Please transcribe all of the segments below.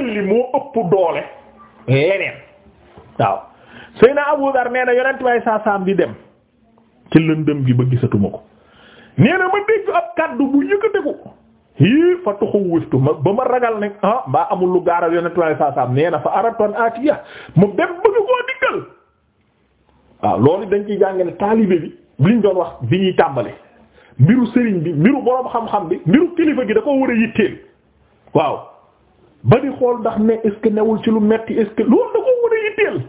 ndigal li moo ëpp doole leneen waaw Seyna Abu Dar nee na yonent way saa saam di dem ci lëndëm gi ba gisatuma ko nee ma dégg ab kaddu bu yëkkateku hii fa tuxu wiftu ba ma ragal ne ah mbaa amul lu gaaral yonent way saa saam nee na atiya mu dem bëgg koo dikkal waaw loolu dañ ciy jàng ne taalibe bi liñ doon wax bi ñuy tàmbale mbiru sëriñ bi mbiru boroom xam-xam bi mbiru kilifa gi da war a yitteel waaw ba xool ndax ne est ci lu metti est loolu da ko war a yitteel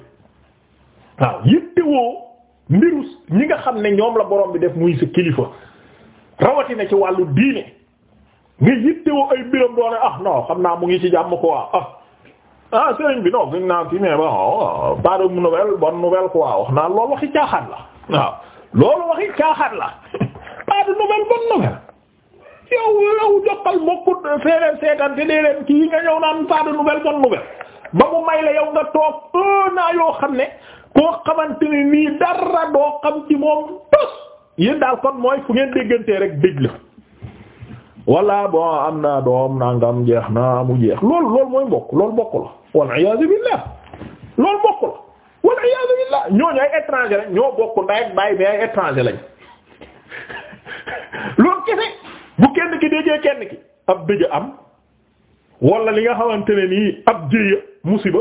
waaw yittewoo mbiru ñi nga xam ne ñoom la borom bi def muy sa kilifa rawatina ci wàllu diine nga yittewoo ay mbiram doone ah non xam naa mu ngi ci jàmm ko ah ah sëriñ bi non gën naa kii mais bon oh, pas de nouvelle bonne nouvelle wax naa loolu waxi caaxaan la waaw loolu waxi caaxaan la pas de nouvelle bonne nouvelle. yow yow jokkal bokkut feeree seetaan te dee leen kii nga ñëw naan pas de nouvelle bonne nouvelle ba mu may la yow nga toog un yoo xam ne koo xamante ne nii dara doo xam ci moom tos yéen daal kon mooy fu ngeen déggantee rek dégg la. wala am naa doom nangam jeex na mu jeex loolu loolu mooy mbokk loolu mbokk la wal iyaazu billaah loolu mbokk la wal iyaazu billaah ñooñu ay étranger lañ ñoo bokk ndaay ak baay mais ay étranger lañ loolu kese. bu kenn ki déggee kenn ki ab dëgg am wala li nga xamante ne nii ab jéeya musiba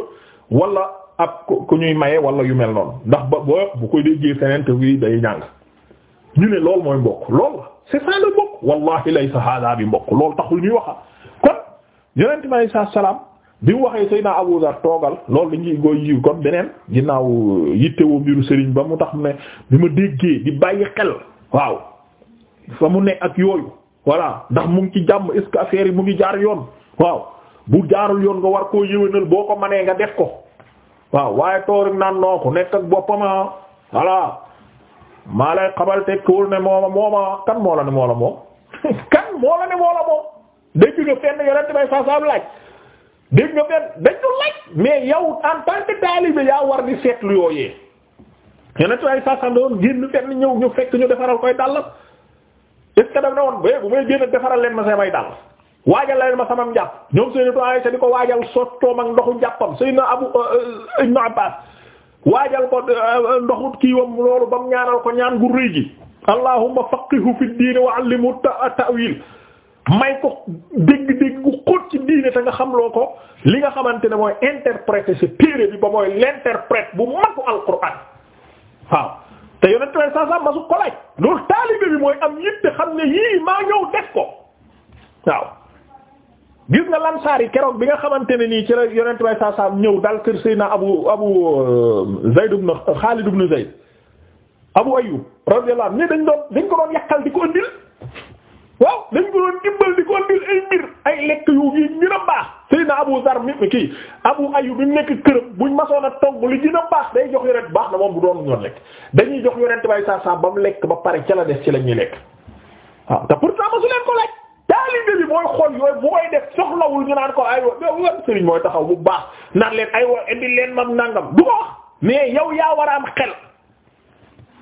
walla ab ku ñuy maye wala yu mel noonu ndax ba bu ko déggee feneen te wi day ñàng ñu ne loolu mooy mbokk loolu la c'est ça le mbokk wallahi laysa hada bi mbokk loolu taxul ñuy waxa kon yonent bi alei salaatu salaam bi mu waxee Seydina Abu Dar toogal loolu dañuy koy yiw kon beneen ginnaaw yittewoo mbiru Serigne ba mu tax mu ne bi ma déggee di bàyyi xel waaw fa mu ne ak yooyu voilà ndax mu ngi ci jàmm est-ce affaire yi mu ngi jaar yoon waaw bu jaarul yoon nga war koo yëwénal boo ko manee nga def ko waaw waaye toorim naan noo ko nekk ak boppama ah voilà maa lay xabal tegkwul ne mooma mooma kan moo la ne moo la moom kan moo la ne moo la moom dégg nga fenn yorente bay sasab laaj dégg nga fenn dañ laaj mais yow en tant que yaa war di seetlu yooyee yonente bay sasan doon génn fenn ñëw ñu fekk ñu defaral koy dàllat est-ce que daf ne woon bu may génn defaral leen ma samay dàll waajal leen ma samam njàpp ñoom Sayyidatu Aisha di ko waajal sottoom ak ndoxu njàppam Sayyidna Abu euh, euh, Ibn Abbas waajal ko euh, ndoxu kiiwam loolu ba mu ñaanal ko ñaan gu rëy gi allahumma faqqihu fi diine wa ta ta'wil may ko dégg-dégg gu xóot ci diine te nga xamloo ko li nga xamante ne mooy interpréter ce téere bi ba mooy l'interprète bu mag Alxuraan waaw te yonent way sasam masu ko laaj loolu taalibe bi mooy am yitte xam ne yii maa ñëw def ko waaw gis nga lansaar keroog bi nga xamante ne nii ci la yonent way sasam ñëw dal kër Seydina abu abu euh, Zayd ibn Xaalid ibn Zayd Abu Ayyub radiyallahu anhu dañ doon dañ ko doon yàqal di ko andil waaw dañ ko doon dimbal di ko andil ay mbir ay lekk yu yi ñu a baax Seydina Abu Zar mi kii Abu Ayyub bi mu nekk këram buñ masoon a togg li dina baax day jox yonent baax na moom bu doon ñoon lekk dañuy jox yonent bay saa saa ba mu lekk ba pare ca la des ci la ñuy lekk waaw te pourtant masu leen ko laaj taalibe bi mooy xool yooyu bu koy def soxlawul ñu naan ko ay yow sëriñ mooy taxaw bu baax naan leen aywa indi leen mam nangam du ko wax mais yow yaa war xel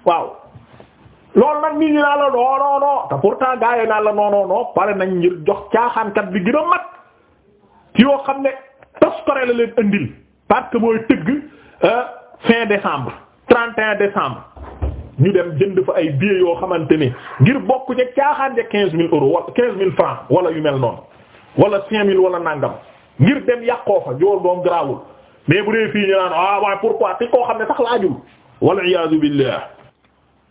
waaw loolu nag nit ñu naa la non non te la non nañ ngir jox caaxaankat bi ci yoo xam ne toskore la leen indil parce que mooy tëgg euh, fin décembre 31 décembre ñu dem jënd fa ay billets yoo xamante ni ngir bokk ca caaxaan ja quinze mille euros wala quinze mille francs wala yu mel noonu wala cinq mille wala nàngam ngir dem yàqoo fa joor doom garaawul mais bu dee fii ñu naan ah pourquoi te koo xam ne sax laajul wal iyaazu billah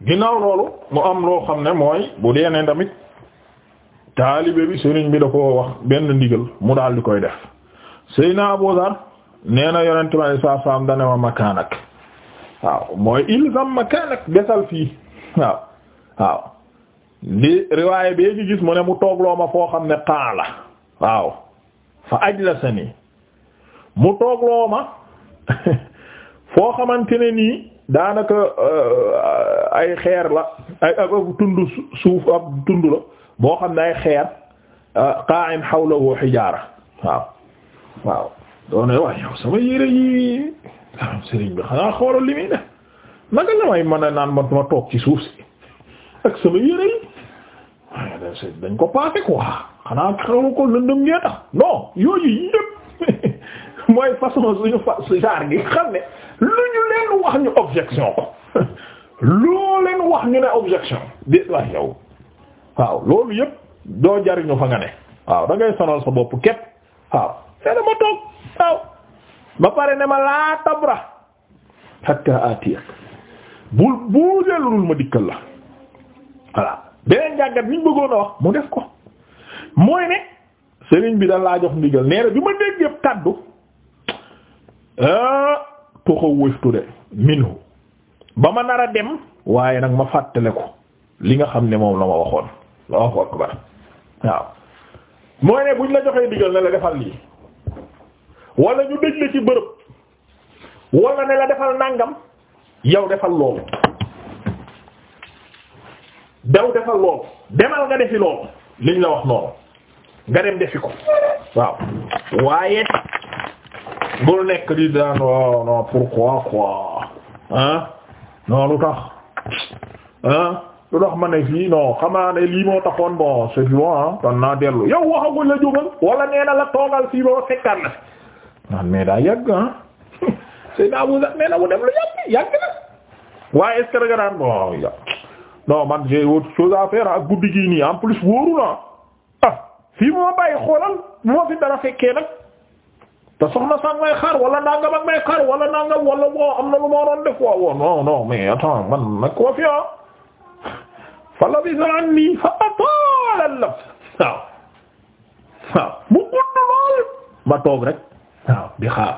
ginnaaw loolu mu am loo xam ne mooy bu dee ne tamit taalibe bi sëriñ bi da koo wax benn ndigal mu daal di koy def Seyna Abu Dar nee yonent ma saa saam dane ma makaanak waaw mooy ilzam makaanak desal fii waaw waaw li riwaaya bee ci gis mu ne mu toog looma foo xam ne qaala waaw fa ajlasani mu foo xamante ne nii daanaka euh, ay xeer la ay ab tund suuf ab tund la boo xam ne ay xeer euh, qa'im hawlahu hijaara waaw waaw doone waaye yow sama yére yi sëriñ bi xanaa xoolal li muy may mën a naan ma toog ci suuf si ak sama yére yi waaye dañ ko passé quoi xanaa xamu ko lëndëm ngee tax non yooyu yëpp mooy lu ñu leen wax ñu objection ko loo leen wax ñu objection di waaye waaw loolu yëpp doo jariñu fa nga ne waaw da ngay sonal sa bopp képp waaw te dama toog waaw ba pare ne ma laa tabra hatta atiq bul buu delulul ma dikkal la voilà beneen jàggat niñ bëggoon a wax mu def ko mooy ne sëriñ bi da laa jox ndigal nee na bi ma dégg yëpp kaddu ah, toxa wëftu de minhu ba ma nara dem waaye nag ma fàttale ko li nga xam ne moom la ma waxoon Allahu akbar waaw mooy ne buñ la joxee digal ne la defal lii wala ñu dëj la ci bërëb wala ne la defal nàngam yow defal loolu daw defal loolu demal nga defi loolu liñ la wax noonu nga dem defi ko waaw waaye bul nekk di daan waaw non pourquoi quoi tax ah lu tax ma ne fii non xamaa ne lii moo taxoon bon c'est bon ah naa dellu yow waxaguñ la jógal wala nee la toogal fii ba fekkaat na naan daa yàgg ah sëy naa bu nee na na waaye est-ce que da nga man j'ai autre chose à faire ak ah, guddi gii en plus wóoru na ah, fii moo bàyyi xoolal bu fi dara fekkee nag te soxna sang may xaar wala nangam ak may xaar wala nangam wala boo am na lu ma doon def waaw non non mais attends man nag ko fi ah. fa labisa anni fa ataala al-labs waaw waaw mu ma toog rek waaw di xaar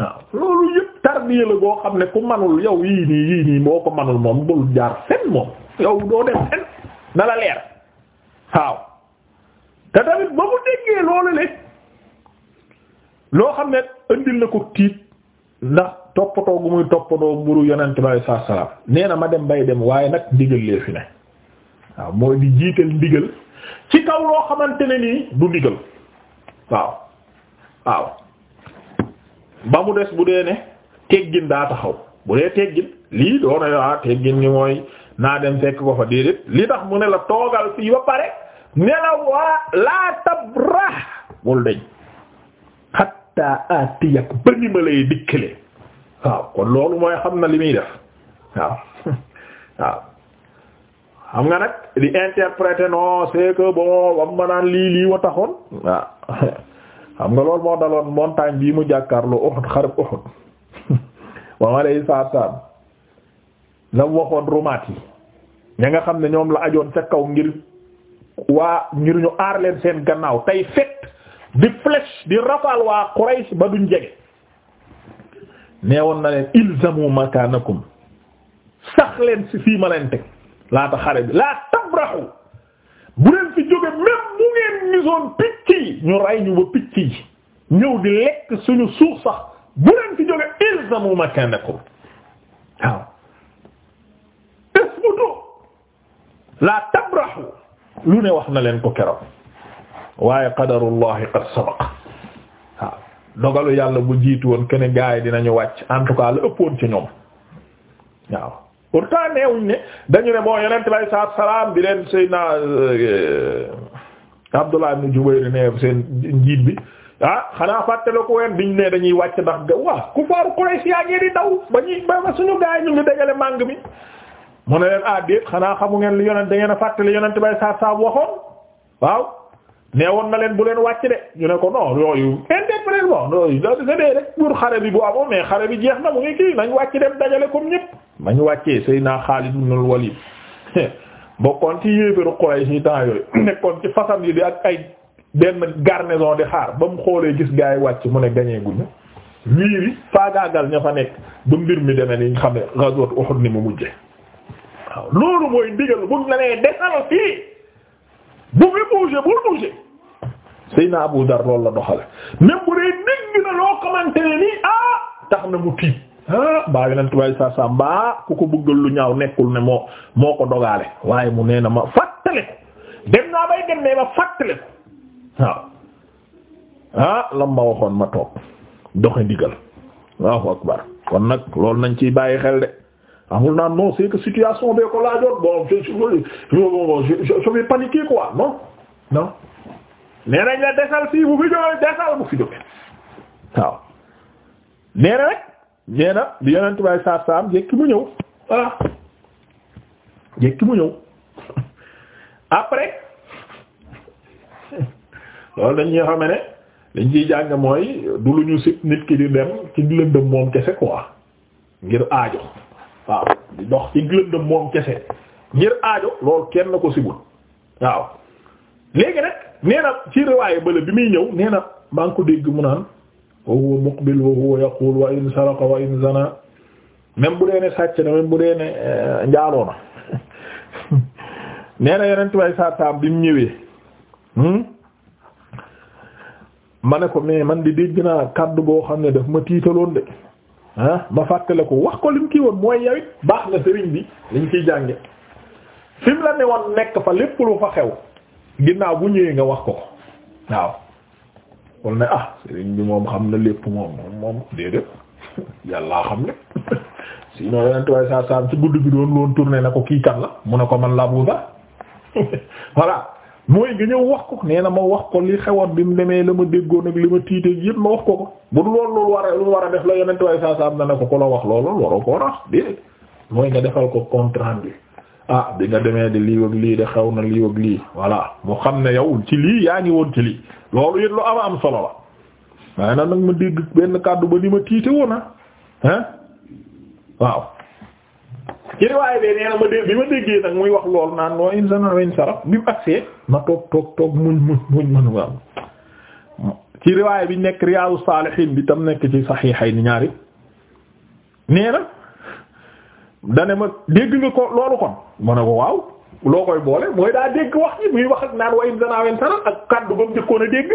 waaw loolu yëpp tarbiya la boo xam ne ku manul yow yii nii yii nii boo ko manul moom bul jaar fen moom yow doo dem fen na la leer waaw te tamit ba mu déggee loolu le loo xam ne andil na ko tiit ndax toppatoo gu muy toppatoo mburu yonent bay saa salaam nee ma dem bay dem waaye nag ndigal lee fi ne waaw mooy di jiital ndigal ci kaw loo xamante ne nii du ndigal waaw waaw ba mu des bu dee ne teggin daa taxaw bu dee teggin lii doona ah yaa teggin ni mooy naa dem fekk ko fa déedéet li tax mu ne la toogal fii ba pare ne la waa laa tabrah bul deñ hatta atiyak ba ni ma lay dikkale waaw kon loolu mooy xam na li muy def waaw waaw xam nga nag di interpréter non c'est que bon wam ma naan lii lii wa taxoon waaw xam nga loolu moo daloon montagne bii mu jàkkaarlu Uhud xarib Uhud wa alayhi salaam la waxoon rumaat yi ña nga xam ne ñoom la ajoon ca kaw ngir waa ngir ñu aar leen seen gannaaw tey fet di flèche di rafal waa Quraysh ba duñ jege neewoon na leen ilzamu makanakum sax leen ci fii ma leen teg laata xare bi laa tabraxu bu leen fi jóge même mu ngeen gisoon picc yi ñu rey ñu picc yi ñëw di lekk suñu suuf sax bu leen fi jóge ilzamu makanakum waaw isbutu laa tabraxu lu ne wax na leen ko keroog waaye qadarullahi qad sabaq waaw dogalu yàlla bu jiitu woon kene gaa yi dinañu wàcc en tout cas la ëppoon ci ñoom waaw pourtant neewuñ ne dañu ne bon yonent bi alayhi salaam bi leen Seydina euh, Abdullah ibn Jubayr seen njiit bi ah xanaa fàttale ko ween ne dañuy wàcc ndax ga ku faaru Quraysh yaa ngi di daw ba ñuy ba suñu gaa ñu ngi dajale màng mi mu ne leen ah déet xanaa xamu ngeen li yonent da a fàttali yonent bi alayhi salaatu waxoon waaw nee woon na leen bu leen wàcc de ñu ne ko non yooyu interprète bon yooyu da dee rek pour xare bi bu amoon mais xare bi jeex na mu ngi kii nañ wàcc dem dajale comme ñëpp nañ wàccee Seydina Xaalid ibn Walid bokkoon ci yéebéru Quraysh yi temps yooyu nekkoon ci façon yi di ak ay benn garnison di xaar ba mu xoolee gis gaa yi wàcc mu ne gañee guñu wii wi faagaagal ña fa nekk ba mbir mi deme ni ñu xam ne ghazwat Uhud ni mu mujje waaw loolu mooy ndigal buñ la nee desal fii bu fi bu bul bouger Seydina Abu Dar loolu la doxale même bu dee dégg na loo xamante ne nii ah tax na mu tiit ah baa yonent bay sa mbaa ku ko bëggal lu ñaaw nekkul ne moo moo ko dogaale waaye mu nee na ma fàttale ko dem naa bay dem ne ma fàttale ko waaw ah lam ma waxoon ma toog doxe ndigal Allahu akbar kon nag loolu nañ ciy bàyyi xel de amul naan non c'est non non nee nañ la desal fii bu fi jógee desal bu fi jógee waaw nee na rek nee na bi yonent bay saam jékki mu ñëw voilà jékki mu ñëw après loolu dañuy xame ne dañ ciy jàng mooy du lu ñu sit ki dem ci lëndëm moom kese quoi ngir aajo waaw di dox ci lëndëm moom kese ngir aajo loolu kenn ko sibul waaw léegi nag nee ci riwaaye bale bi muy ñëw nee na maa dégg mu naan wa huwa muqbil wa wa in saraka wa in zana même bu dee ne sàcc na même bu dee ne euh, njaaloo na nee na yeneen tubaay bi mu ñëwee hmm? ma ne ko mais man di dégg naa kàddu boo xam ne daf ma tiitaloon de ah ma fàttale ko wax ko lim kii woon mooy yawit baax na sëriñ bi liñ ciy jànge fi mu la ne woon nekk fa lépp lu fa xew ginnaaw bu ñëwee nga wax ko ko waaw wal ne ah sëriñ bi moom xam na lépp moom moom déedéet yàllaa xam ne sinon yeneen tubaab saa saa ci guddi bi doon loon tourné na ko kii kan la mu ne ko man laa Abu Dharr voilà mooy nga ñëw wax ko nee na ma wax ko li xewoon bi mu demee la ma déggoon ak li ma tiitee yëpp ma wax ko ko bu loolu loolu war a lu war def la yonent waaye saa saa am na ne ko ku la wax loolu waroo ko wax déedéet mooy nga defal ko compte rendu ah bi nga demee di lii ak lii de xew na lii ak lii voilà mu xam ne yow ci lii yaa ngi woon ci lii loolu it lu am am solo la waaye nag ma dégg benn kàddu ba ni ma tiite woon ah hein waaw ci riwaay bee nee ma bi ma déggee nag muy wax loolu naan wa in sana weñ saraf bi mu agsee ma toog toog toog muñ muñ muñ mënu nga ci bi nekk Riyadus Salihin bi tam nekk ci saxiixay ni ñaari nee na dane ma dégg nga ko loolu kon ma ne ko waaw loo koy boole mooy daa dégg wax ji muy wax ak naan wa in saraf ak kaddu ba mu njëkkoon a dégg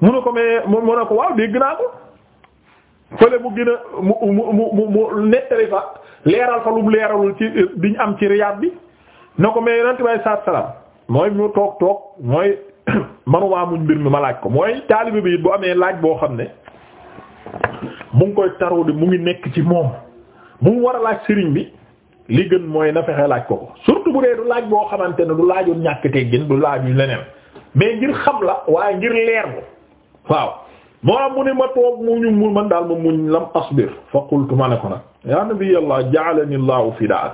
mu ne ko mais mu ne ko waaw dégg naa ko fële mu gën a mu mu mu mu nettali fa leeral fa lum leeralul ci diñ euh, am ci riyaat bi ne ko mais yonent bay saat mooy mu toog toog mooy manuwaa muñ mbir mi ma laaj ko mooy taalibe bi it bu amee laaj boo xam ne mu ngi koy taroo di mu ngi nekk ci moom mu ngi war a laaj sëriñ bi li gën mooy na fexe laaj ko ko surtout bu dee du laaj boo xamante ne du laajul ñàkk teggin du laaju leneen mais ngir xam la waaye ngir leer waaw moom mu ne ma toog mu ñu mu man daal ma muñ lam asbir fa qultu ma ne ko nag yaa nabiyallah ja'alani allahu fidaak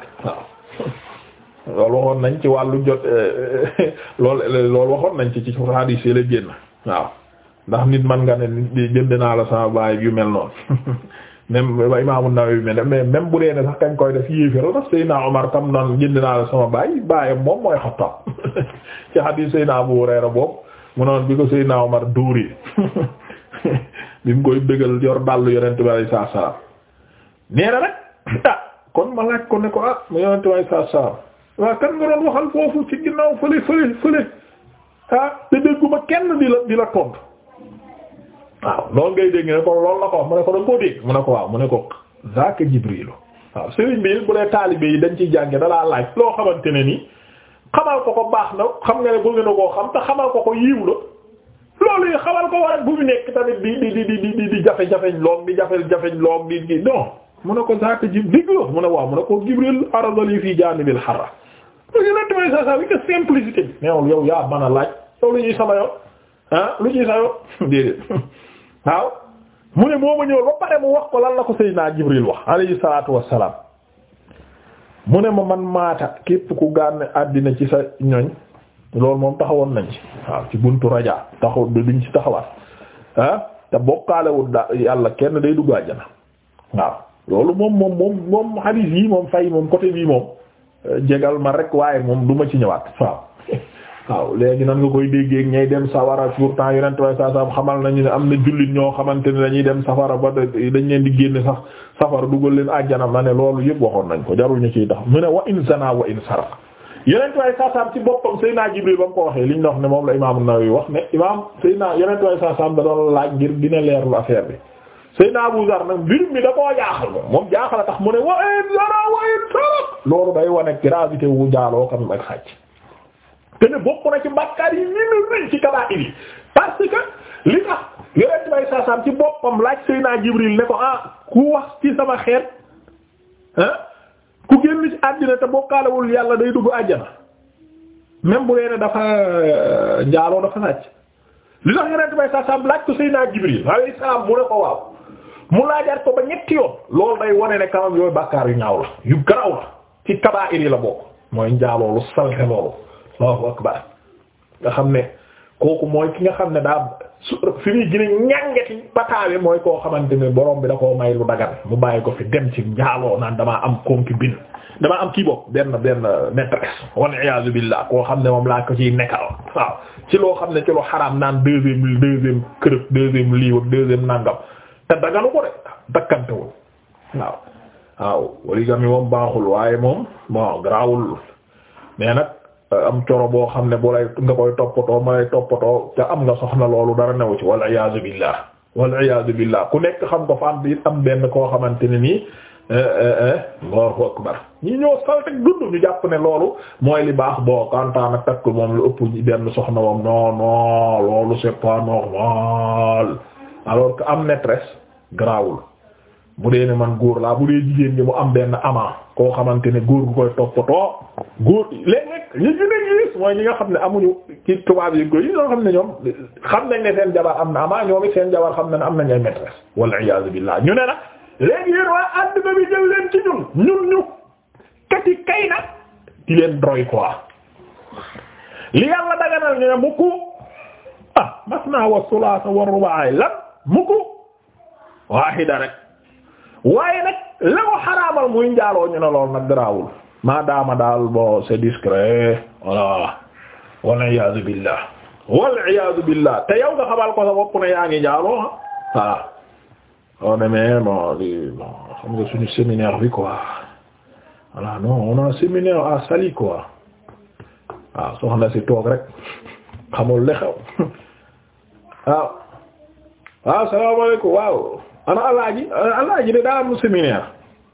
waaw loolu waxoon nañ ci wàllu jot eh, loolu loolu waxoon nañ ci ci hadith yi la génn ndax nit man nga ne jënd naa la sama baay yu mel noonu même Imam An-Nawawi mais même bu dee ne sax kañ koy def yéeféer la ndax Seydina Omar tam naan jënd naa la sama baay baayam moom mooy Xattaab ci hadith Seydina Abu Hurayra boobu mu noon bi ko Seydina Omar dóoree bi mu koy bëggal yor dàll yonent bi alayhi salaatu salaam nee na rek ah kon ma laaj ko ne ko ah mu yonent bi alayhi salaatu salaam nga doon waxal foofu ci ginnaaw fële fële fële ah te dégguma kenn di la di la tontu waaw lool ngay dégg ne ko loolu la ko wax mu ne ko da dégg mu ne ko waaw mu ne ko zaaka Jibriilu waaw sëriñ bi bu dee taalibe yi dañ ciy jànge dalaa laaj loo xamante ne nii xamal ko ko baax na xam nga ne bëgg na koo xam te xamal ko ko yiiw loolu yi xamal ko war ak bu mu nekk tamit di di di di di jafe-jafeñ loom di jafe-jafeñ loom di di non mu ne ko zaaka jib diglo mu ne waaw mu ne ko Jibril aradali fii jaanibil xarra lu ñu nett may sa sa bi te simplicité bi neewul yow yaa mën a laaj yow lu ñuy sama yoon ah lu ñuy sa yoon déedéet waaw mu ne moo ma ñëw ba pare mu wax ko lan la ko Seydina Jibril wax alayhi salaatu wassalaam mu ne ma man maata képp ku gànn àddina ci sa ñoñ loolu moom taxawoon nañ ci waaw ci buntu raja taxaw duñ ci taxawaat ah te bokkaalewul da yàlla kenn day dugg àjjana waaw loolu moom moom moom moom hadith yii moom fay moom côté bii moom euh, jegal ma rek waaye moom duma ci ñëwaat waaw waaw léegi nan nga koy déggee ñay dem safara pourtant yonent way saa sam xamal nañu ne am na jullit ñoo xamante ne dañuy dem safara ba dañ leen di génne sax safara dugal leen àjjana ma ne loolu yëpp waxoon nañ ko jarul ñu ciy tax mu ne wa in zana wa in saraq yeneen tuwaay saasaam ci boppam Seydina Jibril ba mu ko waxee li ñu wax ne moom la imaam An-Nawawi wax ne imaam naa yeneen tuwaay saasaam da doon laaj ngir dina leerlu affaire bi Seydina Abu Zar nag mbir mi da koo jaaxal moom moom jaaxal tax mu ne wa in zara wa in gravité wu jaaloo quand même ak sàcc te ne bokk na ci bàkkaar yi ñu ne rëy ci kabaa'ir yi parce que li tax yeneen tuwaay saasaam ci boppam laaj Seydina Jibril ne ko ah ku wax ci sama xeet ah, ku génn ci àddina te bokkaalewul yàlla day dugg àjjana même bu dee dafa euh, njaaloo dafa sàcc li tax yonent bay sa sam laaj ko Seydina Jibril alayhi salaam mu ne ko waaw mu laajaat ko ba ñetti yoon loolu day wane ne kanam yooyu bàkkaar yu ñaaw la yu garaw la ci kabaa'ir yi la bokk mooy njaaloolu salte loolu Allahu akbar nga xam ne kooku mooy ki nga xam ne daa su fi muy gën a mooy koo xamante ne borom bi da koo may lu dagal mu bàyyi ko fi dem ci njaaloo naan damaa am concubine damaa am kii bopp benn benn maîtresse wal iyaazu billah koo xam ne moom laa ko ciy nekkal waaw ci loo xam ne ci lu xaraam naan deuxième deuxième kërëb deuxième liiwak deuxième nàngam te dagalu ko de dakkantewul waaw waaw polygamie moom baaxul waaye moom bon garaawul mais Euh, am coro boo xam ne bu lay nga koy toppatoo ma toppatoo te am nga soxna loolu dara newu ci wal iyaazu billah wal iyaazu billah ku nekk xam ko fa am bi am benn koo xamante ne nii eh, eh, eh, Allahu akbar ñi loolu mooy li baax boo kantaan ak takk moom lu ëpp benn soxna moom non non loolu c'est normal alors que am maîtresse grawul bu dee ne man góor laa bu dee jigéen ñi mu am benn amaa koo xamante ne góor gu koy toppatoo góor léeg-léeg ñu ñi nga xam ne amuñu ci tubaab yi góor yi xam ne ñoom xam nañ ne seen jabar am na amaa ñoom it xam na ne am nañ ay maîtresse walla iyaazu ñu ne nag léegi yéen waa àdduna bi jël leen ci ñun ñun ñu kati kay na leen droy quoi li yàlla daganal ñu ne mukku ah masna wa sulaasa wa rubaay lan mukku waahida rek waaye nag la ko xaraamal muy njaaloo ñu ne lool nag garaawul maadaama daal bon c'est discret voilà wal iyaadu billah wal te yow nga xamal ko sa bopp ne yaa ngi njaaloo ah voilà on demee bon li bon xam nga suñu séminaire bi quoi voilà non on a un séminaire à Saly quoi waaw si toog rek xamul li xew waaw waaw salaamaaleykum waaw ana alaaji alaaji de daa am séminaire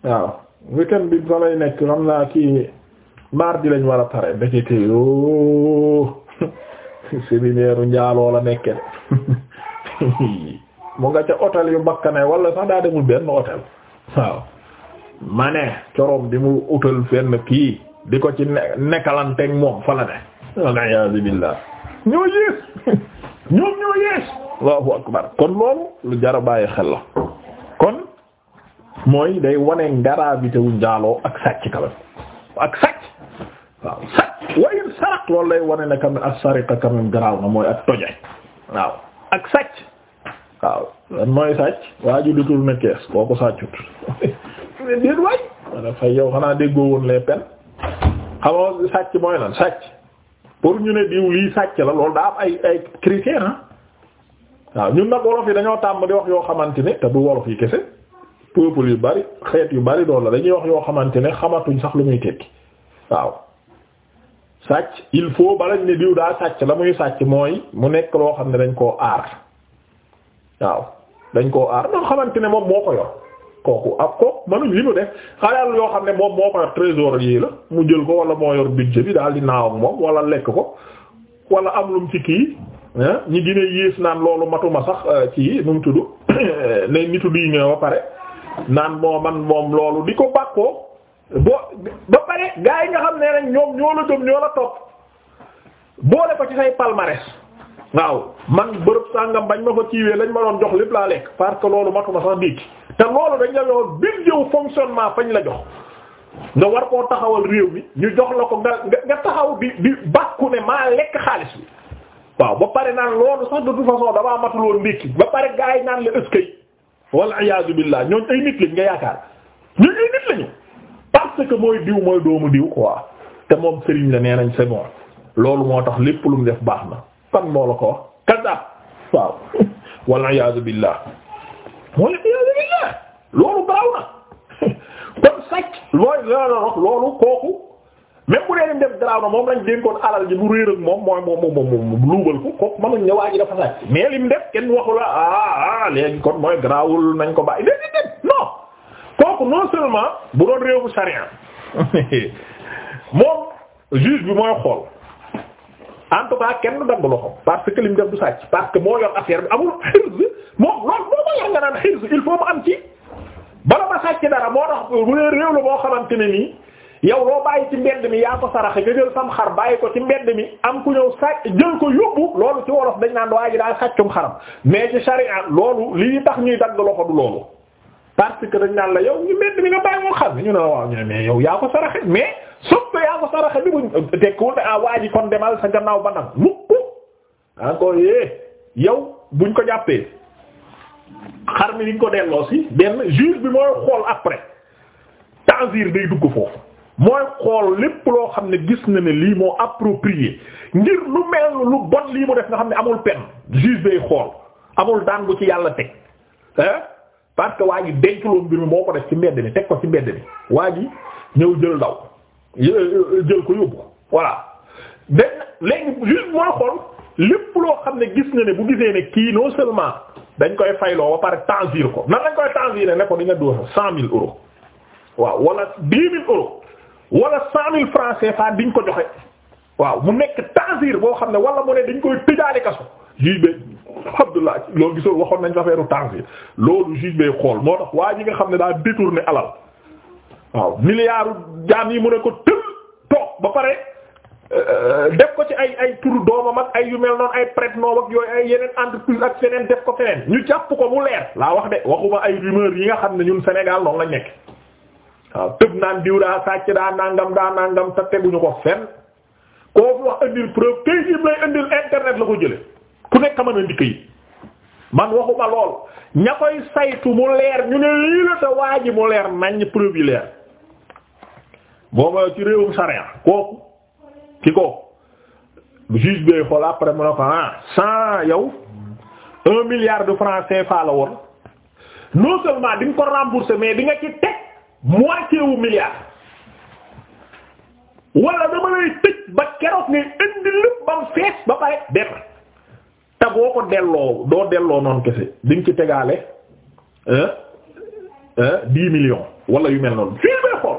waaw weekend bi fa lay nekk xam naa kii mardi lañ war a pare ndekete yoo oh, séminaire u njaaloo la nekke de mu nga ca hôtel yu bakkane wala sax daa demul benn hôtel waaw ma ne coroom mu utal fenn kii di ko ci nekkalanteeg moom fa la ne walla iyaazu billaah ñoo yées ñoom ñoo yees allahu akbar kon loolu lu jara bàyyi xel la kon mooy day wane gravité wu njaaloo ak sàcc kawam ak sàcc waaw sàcc wa in saraq loolu lay wane ne kam ak sariqa quand même garaaw na mooy ak toje waaw ak sàcc waaw mooy sàcc waa ji du tourner caisse kooku sàccut yow xanaa déggoo woon les mooy lan sàcc pour ñu ne diw lii la loolu daa am ay ay critères waaw ñun nag wolof yi dañoo tàmm di wax yoo xamante ne te du wolof yi kese peuple yu bari xeet yu bari doon la dañuy wax yoo xamante ne xamatuñ sax lu muy tekki waaw sàcc il faut balañ ne diw daa sàcc la muy sàcc mooy mu nekk loo xam ne dañ koo aar waaw dañ koo aar loo xamante ne moom moo ko yor kooku ak ko mënuñ li mu def xalal yoo xam ne moom moo ko yor trésor yi la mu jël ko wala moo yor budget bi daal di naaw moom wala lekk ko wala am ñi gën a yées naan loolu matuma sax ci euh, nu mu tudd ne nitu di ñëw ba pare naan moo man moom loolu di ko bàkkoo boo ba pare gaa yi nga xam ne rek ñoom ñoo la gëm ñoo la topp boole ko ci say palmarès waaw man bërëb sàngam bañ ma fa ciiwee lañ ma doon jox lépp laa lekk parce que loolu matuma sax dikk te loolu dañ la yoon biir jëw fonctionnement fañ la jox nga war koo taxawal réew bi ñu jox la ko nga nga taxaw bi bi bàkku ne maa lekk xaalis bi waaw ba pare naan loolu sax de toute façon damaa matul woon ndékki ba pare gars yi naan la ëskay walla iyaazu billaah ñooñ ay nit lañ nga yaakaar ñooñ ay nit lañu parce ko mooy diw mooy doomu diw quoi te moom sëriñ la nee nañ c'est loolu moo tax lépp lu def baax na kan moo la ko wax kaddaab waaw walla iyaazu billaah loolu baraw na kon sàcc looy loolu kooku même bu dee lim def garaaw na moom lañ dénkoon alal ji bu réer ak moom mooy moom moom moom luubal ko kooku mënuñ ne waa ji dafa sàcc mais def kenn waxu ah ah léegi kon mooy garaawul nañ ko bàyyi léegi dem non kooku non seulement bu doon réew bu charia moom juge bi mooy xool en tout cas kenn du dagg loxo parce que lim def du sàcc parce que moo yor affaire bi amul moom loolu moo ma yor naan xirs il faut mu am ci bala ma sàcc dara moo tax bu boo xamante ne nii. yow loo bàyyi ci mbedd mi yaa ko saraxe nga jël sam xar bàyyi ko ci mbedd mi am ku ñëw sàcc jël ko yóbbu loolu ci wolof dañ naan waa ji daal sàccum xaram mais ci sharia loolu lii tax ñuy dagg loxo du loolu parce dañ naan la yow ñu mbedd mi nga bàyyi moo xam ñu ne waaw ñu ne mais yow yaa ko saraxe mais sauf que yaa ko saraxe bi buñ tekkiwul ne ah waa kon demal sa gannaaw ba nag encore yee yow buñ ko jàppee xar mi liñ ko delloo si benn juge bi mooy xool après tanzir day dugg mooy xool lépp loo xam ne gis na ne lii moo approprié ngir lu mel lu bon lii mu def nga xam ne amul pen juge day xool amul daan bu ci yàlla teg ah parce que waa ji denculoo mbir mi moo ko def ci mbedd mi teg ko ci mbedd mi waa ji ñëw jël daw jël ko yóbbu voilà de léegi mooy xool lépp loo xam ne gis na ne bu gisee ne kii non seulement dañ koy fayloo ba pare tanzir ko nan lañ koy tanzir ne ko di nga cent mille euros waaw wala dix mille wala cent mille francs CFA diñ ko joxe waaw mu nekk tanzir boo xam ne wala mu ne dañ koy tëjaale kaso juge bi Abdullah loolu gisoo waxoon nañ affaire tanzir loolu juge bi xool moo tax waa ji nga xam ne daa détourné alal waaw milliards jaam yi mu ne ko tël to ba pare euh, def ko ci ay ay turu doomam ak ay yu mel noonu ay prête noom ak yooyu ay yeneen entreprise ak feneen def ko feneen ñu jàpp ko mu leer laa wax de waxuma ay rumeur yi nga xam ne ñun Sénégal noonu lañ nekk waaw tëb naan diw daa sàcc daa nangam daa nangam te teguñu ko fenn koo wax indil preuve kay jib lay indil internet la ko jële ku nekk mën a ndikk yi man waxuma lool ña koy saytu mu leer ñu ne lii la te waa mu leer nañ preuve yi leer booba ci réewum sariya kooku ki ko juge bi xool après mu ne ko ah cent yow un milliard de francs CFA la woon non seulement di nga ko rembourser mais di nga ci teg moitié wu milliard wala dama lay tëj ba keroog ngay indi lépp ba mu fees ba pare dem te boo ko delloo doo delloo noonu kese di ci tegaale euh euh dix millions wala yu mel noonu fii bay xool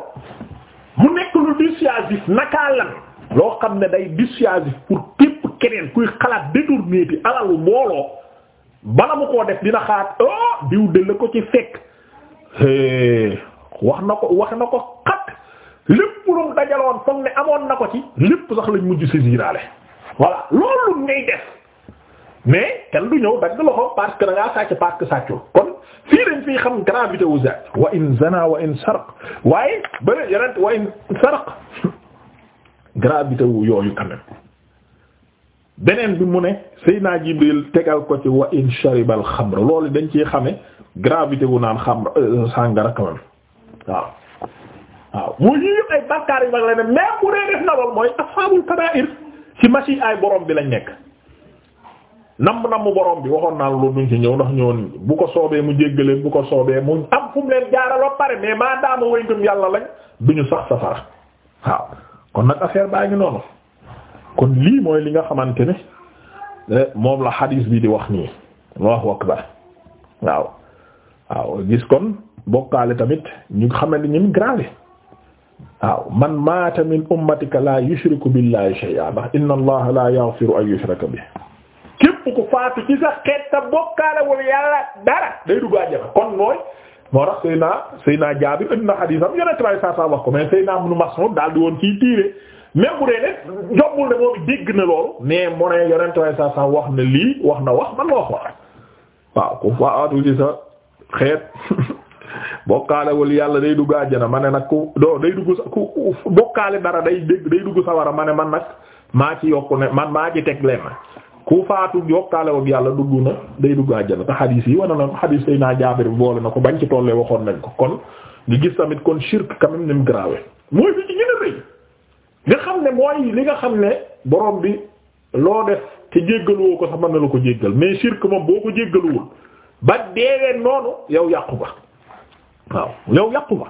mu nekk lu dissuasif nakaa lan loo xam ne day dissuasif pour képp keneen kuy xalaat détourné ti alalu mbooloo bala mu koo def dina xaat oh diw de ko ci fekk wax na ko wax na ko xat lépp lu dajaloon foog ne amoon na ko ci lépp sax lañ mujj saisiraale voilà loolu ngay def mais kenn du ñëw dagg loxo parce que da sàcc parce que sàccul kon fii dañ fiy xam gravité wu zat wa in zana wa in sarq waaye bëri yeneen wa in sarq gravité wu yooyu quand beneen bi mu ne Seydina Jibril tegal ko ci wa in sharibal xamr loolu dañ ciy xame gravité wu naan xamr euh, sàngara quand waaw waaw mooy yii yëpp ay bakkaar yu mag la ne même bu dee def mooy ashabul kaba'ir ci bi lañ nekk nam nam borom bi waxoon naa loolu duñ ci ñëw ndax ñëwoon bu ko soobee mu jéggaleen bu ko soobee mu am fu leen jaaraloo pare mais maa daama way yàlla lañ duñu sax safara waaw kon nag affaire baa ngi noonu kon lii mooy li nga xamante ne eh, moom la hadis bi di wax nii Allahu waaw waaw gis kon bokkaale tamit ñu xamal ni ñun grave waaw man maata min ummatika la yushriku billahi shay'a ndax inna allaha la yaghfiru an yushraka bi képp ku faatu ci sa xeet ta bokkaale wala yàlla dara day dugg àjjana kon mooy moo tax Seyna Seyna Jaabir indi na xadiisam yonent bi saa saa wax ko mais Seyna Ibnu Mas'ud daal di woon ciy tiire même bu dee ne jombul ne moom dégg loolu mais mu ne yonent bi saa saa wax na lii wax na wax man la wax wax waaw ku faatu bokkaale wul yàlla day dugg àjjana ma ne nag ku doo day dugg ku bokkaale dara day day dugg a ma ne man nag maa ci yokk ne man maa ci teg leen ku faatu yokkaale wul yàlla dugg na day dugg àjjana te xadiis yi a na xadiis say naa Jaabir boole na ko bañ ci tollee waxoon nañ ko kon nga gis tamit kon shirk quand même ni mu mooy fi ci gën a rëy nga xam ne mooy li nga xam ne borom bi loo def te jéggaluwoo ko sax mën na la ko jéggal mais shirk moom boo ko jéggaluwul ba deewee yow yàqu ba waaw yow yàqu nga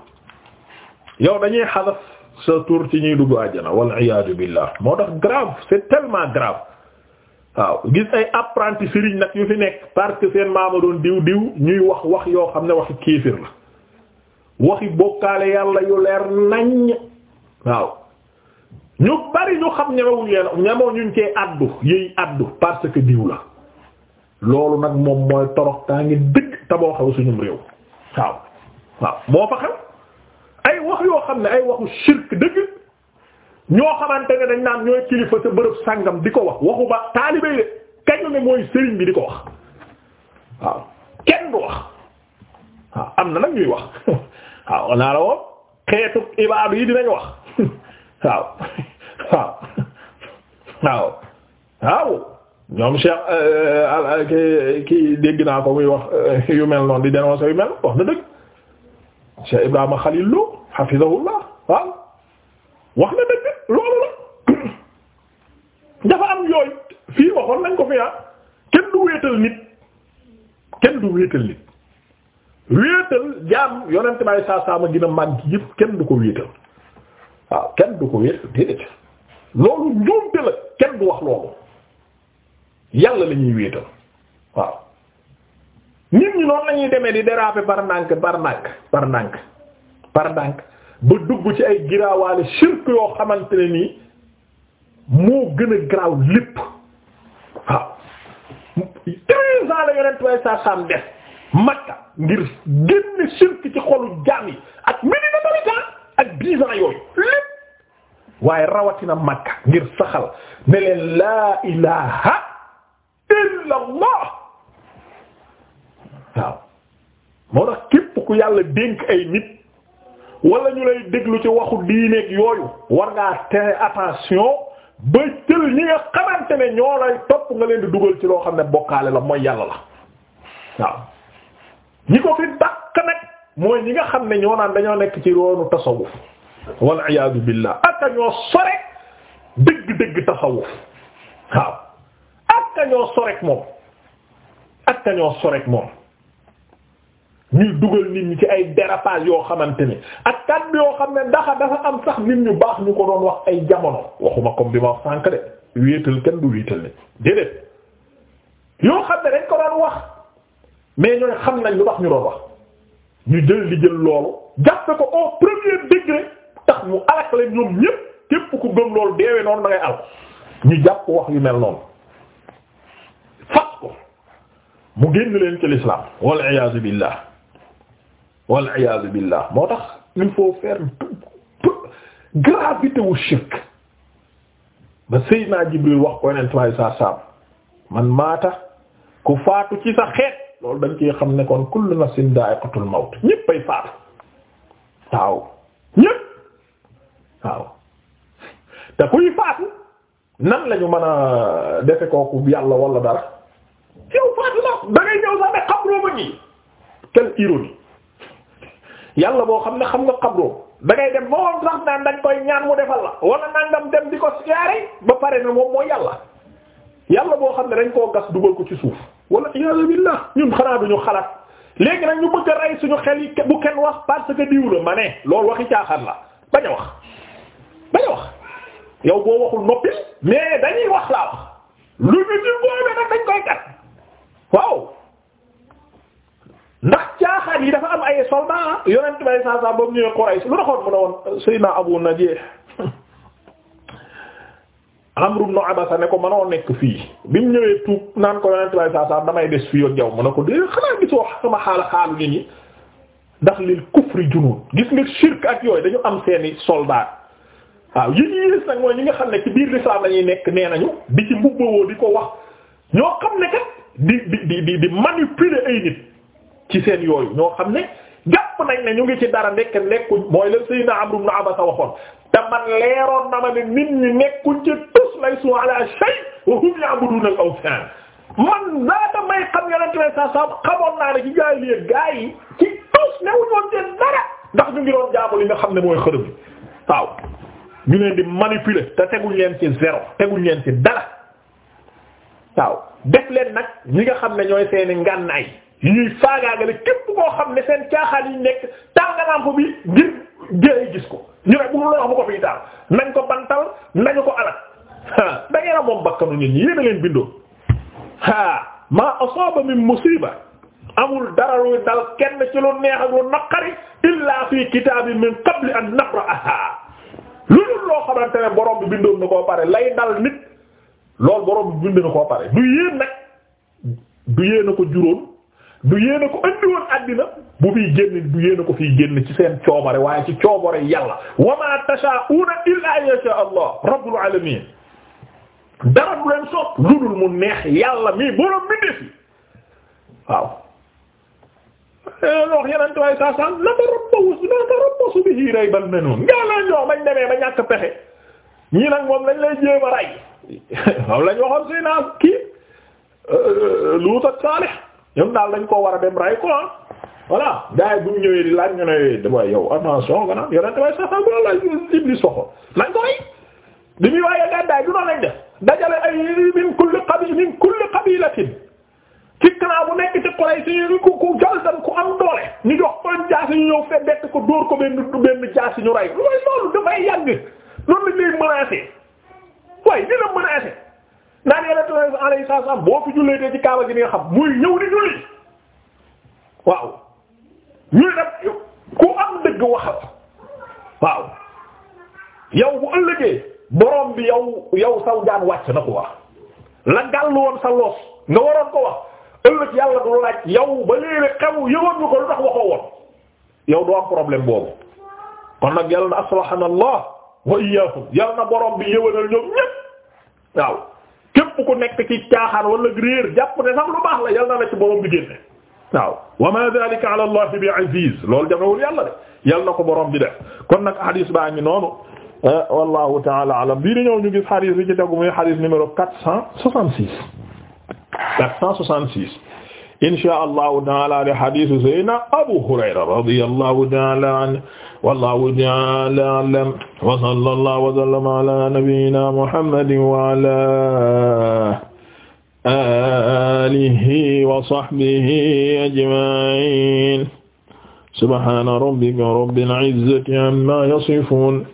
yow dañuy xalaf sa tur ci ñuy dugg àjjana wal iyaadu billah moo tax grave c'est tellement grave waaw gis ay apprenti sëriñ nag yu fi nekk parce que seen maama doon diw diw ñuy wax wax yoo xam ne waxi kéefir la waxi bokkaale yàlla yu leer naññ waaw ñu bari ñu xam ñemewuñ leen ñemoo ñuñ cee addu yëy addu parce que diw la loolu nag moom mooy torox taa ngi dëgg te boo suñum réew waaw waaw moo fa xam ay wax yoo xam ne ay waxu shirk dëgg ñoo xamante ne dañ naan ñooy kilifa sa bërëb sàngam di ko wax waxu ba taalibe de kañu ne mooy sëriñ bi di ko wax waaw kenn du wax waaw am na nag ñuy wax waaw la woon yi dinañ wax waaw waaw waaw waaw ñoom Cheikh euh, ki dégg naa ko muy wax euh, yu mel noonu di dénoncer yu mel wax na Cheikh Ibrahima Khalil Lo loolu la dafa am yooyu fii waxoon nañ ko fi ah kenn du wéetal nit kenn du wéetal nit wéetal jaam yonent may saa saa ma gën a màgg kenn du ko wéetal waaw kenn du ko wéetal déedéet loolu njuumte la kenn du wax loolu yàlla la wéetal waaw. nit ñi noonu lañuy demee di déraper par ndànk par ba dugg ci ay giraawaale shirk yoo xamante ne nii moo gën a garaaw lépp waaw treize la yonent way sa sam def Makka ngir génn shirk ci xolu jaam yi ak Medina Malika ah, ak dix yooyu lépp waaye rawatina Makka ngir saxal ne laa ilaha illa moo tax képp ku yàlla dénk ay nit wala ñu lay déglu ci waxu diineeg yooyu war ngaa tere attention ba jël ñi nga xamante ne ñoo lay topp nga leen di dugal ci loo xam ne bokkaale la mooy yàlla la waaw ñi ko fi dàq nag mooy ñi nga xam ne ñoo naan dañoo nekk ci yoonu tasawuf wal iyaadu billah ak ñoo sore dëgg-dëgg tasawuf waaw ak ñoo sore moom ak ñoo sore moom ñuy dugal nit ñi ci ay dérapage yoo xamante ni ak kàddu yoo xam ne daxa dafa am sax nit ñu baax ñu ko doon wax ay jamono waxuma comme bi ma wax sànk de wéetal kenn du wéetal ne déedéet yoo xam ne dañ ko doon wax mais ñooy xam nañ lu tax ñu doon wax ñu jël di jël loolu jàppe ko au premier degré tax mu alak leen ñoom ñépp képp ku gëm loolu deewee noonu da ngay al ñu jàpp wax yu mel noonu fas ko mu génn leen ci l'islam wal iyaazu billah wal iyaadu billah moo tax il faut faire gravité wu shirk ba Seydina Jibril wax ko yeneen tubaab saa saam man maata ku faatu ci sa xeet loolu dañ koy xam ne kon kullu nafsin daa'iqatul mawt ñépp ay faatu waaw ñépp waaw te kuy faatu nan lañu mën a defe kooku yàlla walla dara yow faatu na da ñëw sax ne xabroo ma nii quelle ironie yàlla boo xam ne xam nga xabroom da ngay dem moom sax naan dañ koy ñaan mu defal la wala nangam dem di ko siyaare ba pare na moom mooy yàlla yàlla boo xam ne dañ koo gas dugal ko ci suuf wala iyaazu billah ñun xanaa duñu xalaat léegi nag ñu bëgg a rey suñu xel yi bu kenn wax parce que diw la ma ne loolu waxi caaxaan la bañ wax bañ a wax yow boo waxul noppi mais dañuy wax laa wax lu ñu di boole nag dañ koy gat waaw ndax caaxaan yi dafa am ay soldats ah. yonent bay saa saa boobu ñëwee Quraysh lu taxoon mu ne woon Seydina Abu Najih Amru ibn Abasa ne ko mënoo nekk fii bi mu ñëwee tuub naan ko yonent bay saa saa damay des fii ak yow mu ne ko dégg xanaa gisoo sama xaal xaalu nit ñi ndax lil kufri junuun gis nga shirk ak yooyu dañu am seeni soldats waaw yi ñuy gis nag mooy ñi nga xam ne ci biir l'islam lañuy nekk nee nañu di ci mbubbawoo di ko wax ñoo xam ne kat di di ci seen yooyu ñoo xam ne jàpp nañ ne ñu ngi ci dara nekk nekkuñ mooy la Sayyidina Amru ibn Abasa waxoon te man leeroon na ma ne nit ñi nekkuñ ci tus lay su ala shay wa hum ya'buduna al-awthan man zaata naa ne ci jaahiliya gaa ndax ñu ngi doon li nga xam ne mooy xërëm yi waaw ñu leen di manipuler te teguñ leen ci zéro teguñ leen ci dara waaw def leen nag ñi nga xam ne ñooy seeni ngànnaay yi ñuy faagaagale képp koo xam ne seen caaxaan yi nekk tànganaam ko bi ngir géey gis ko ñu ne bu mu wax bu ko fiy taal nañ ko bantal nañu ko alal da ngeen a moom bakkanu nit ñi yéen a leen bindoo ah maa asaaba min musiba amul dara luy dal kenn ci lu neex ak lu naqari illa fi kitaabin min qabli an nabra'aha lu dul loo xamante ne borom bi bindoon na koo pare lay dal nit loolu borom bi bind na koo pare du yéen nag du yéen ko juróom. du yéen a ko andi woon génn ci seen coobare waaye ci coobare yàlla wa ma tashaa'una illaa yasha allah rabbul alamin dara leen sopp lu dul mu neex yàlla mii borom mi defi waaw loox yenente waaye saa san la tarabbasu la tarabbasu bihi raybal manuun ngaa laan ñoo bañ demee ba ñàkk pexe ñii nag moom lañ lay jéem a rey waaw lañ waxoon suy naa kii Saalih ñoom daal dañ koo war a dem ray ko ah voilà bu ñëwee di laaj ñu ne dama la laaj iblis soxla nañ ko rey li muy waaye gàddaay du noonu ko jaasi ñu loolu dafay yàgg noonu lañ lay naan yonent bi alayhi salaam boo fi jullee te ci kaaba gi ni xam muy ñëw di julli waaw ñuy def ku am dëgg waxal waaw yow bu ëllëgee borom bi yow yow saw jaan wàcc na ko wax la gàllu woon sa loos nga waroon ko wax ëllëg yàlla du laaj ba léegi xew yëwoon nga ko lu tax waxoo woon yow doo am problème boobu kon nag yàlla na aslahana allah wa iyyakum yàlla na borom bi yëwanal ñoom ñépp waaw képp ku nekk ci caaxaan wala réer jàpp ne sax lu baax la yal na la ci borom bi génne waaw wa ma dhalika ala allah bi aziz loolu jafewul yàlla de yal na ko borom bi def kon nag hadis baa ngi noonu eh, wallahu taala alam bii di ñëw ñu gis hadis bi ci tegu muy hadis numéro quatre cent soixante six quatre cent soixante six insha allahu taala de hadisu sayna Abu Hurayra radiyallahu taala anhu wallahu taala a'lam wa sallallahu wa sallama ala nabiyyina Muhammadin wa ala alihi wa sahbihi ajma'in subhana rabbika rabbil izzati amma yasifun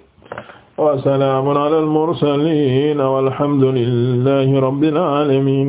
wa salamun ala al-mursalin walhamdulillahi rabbil alamin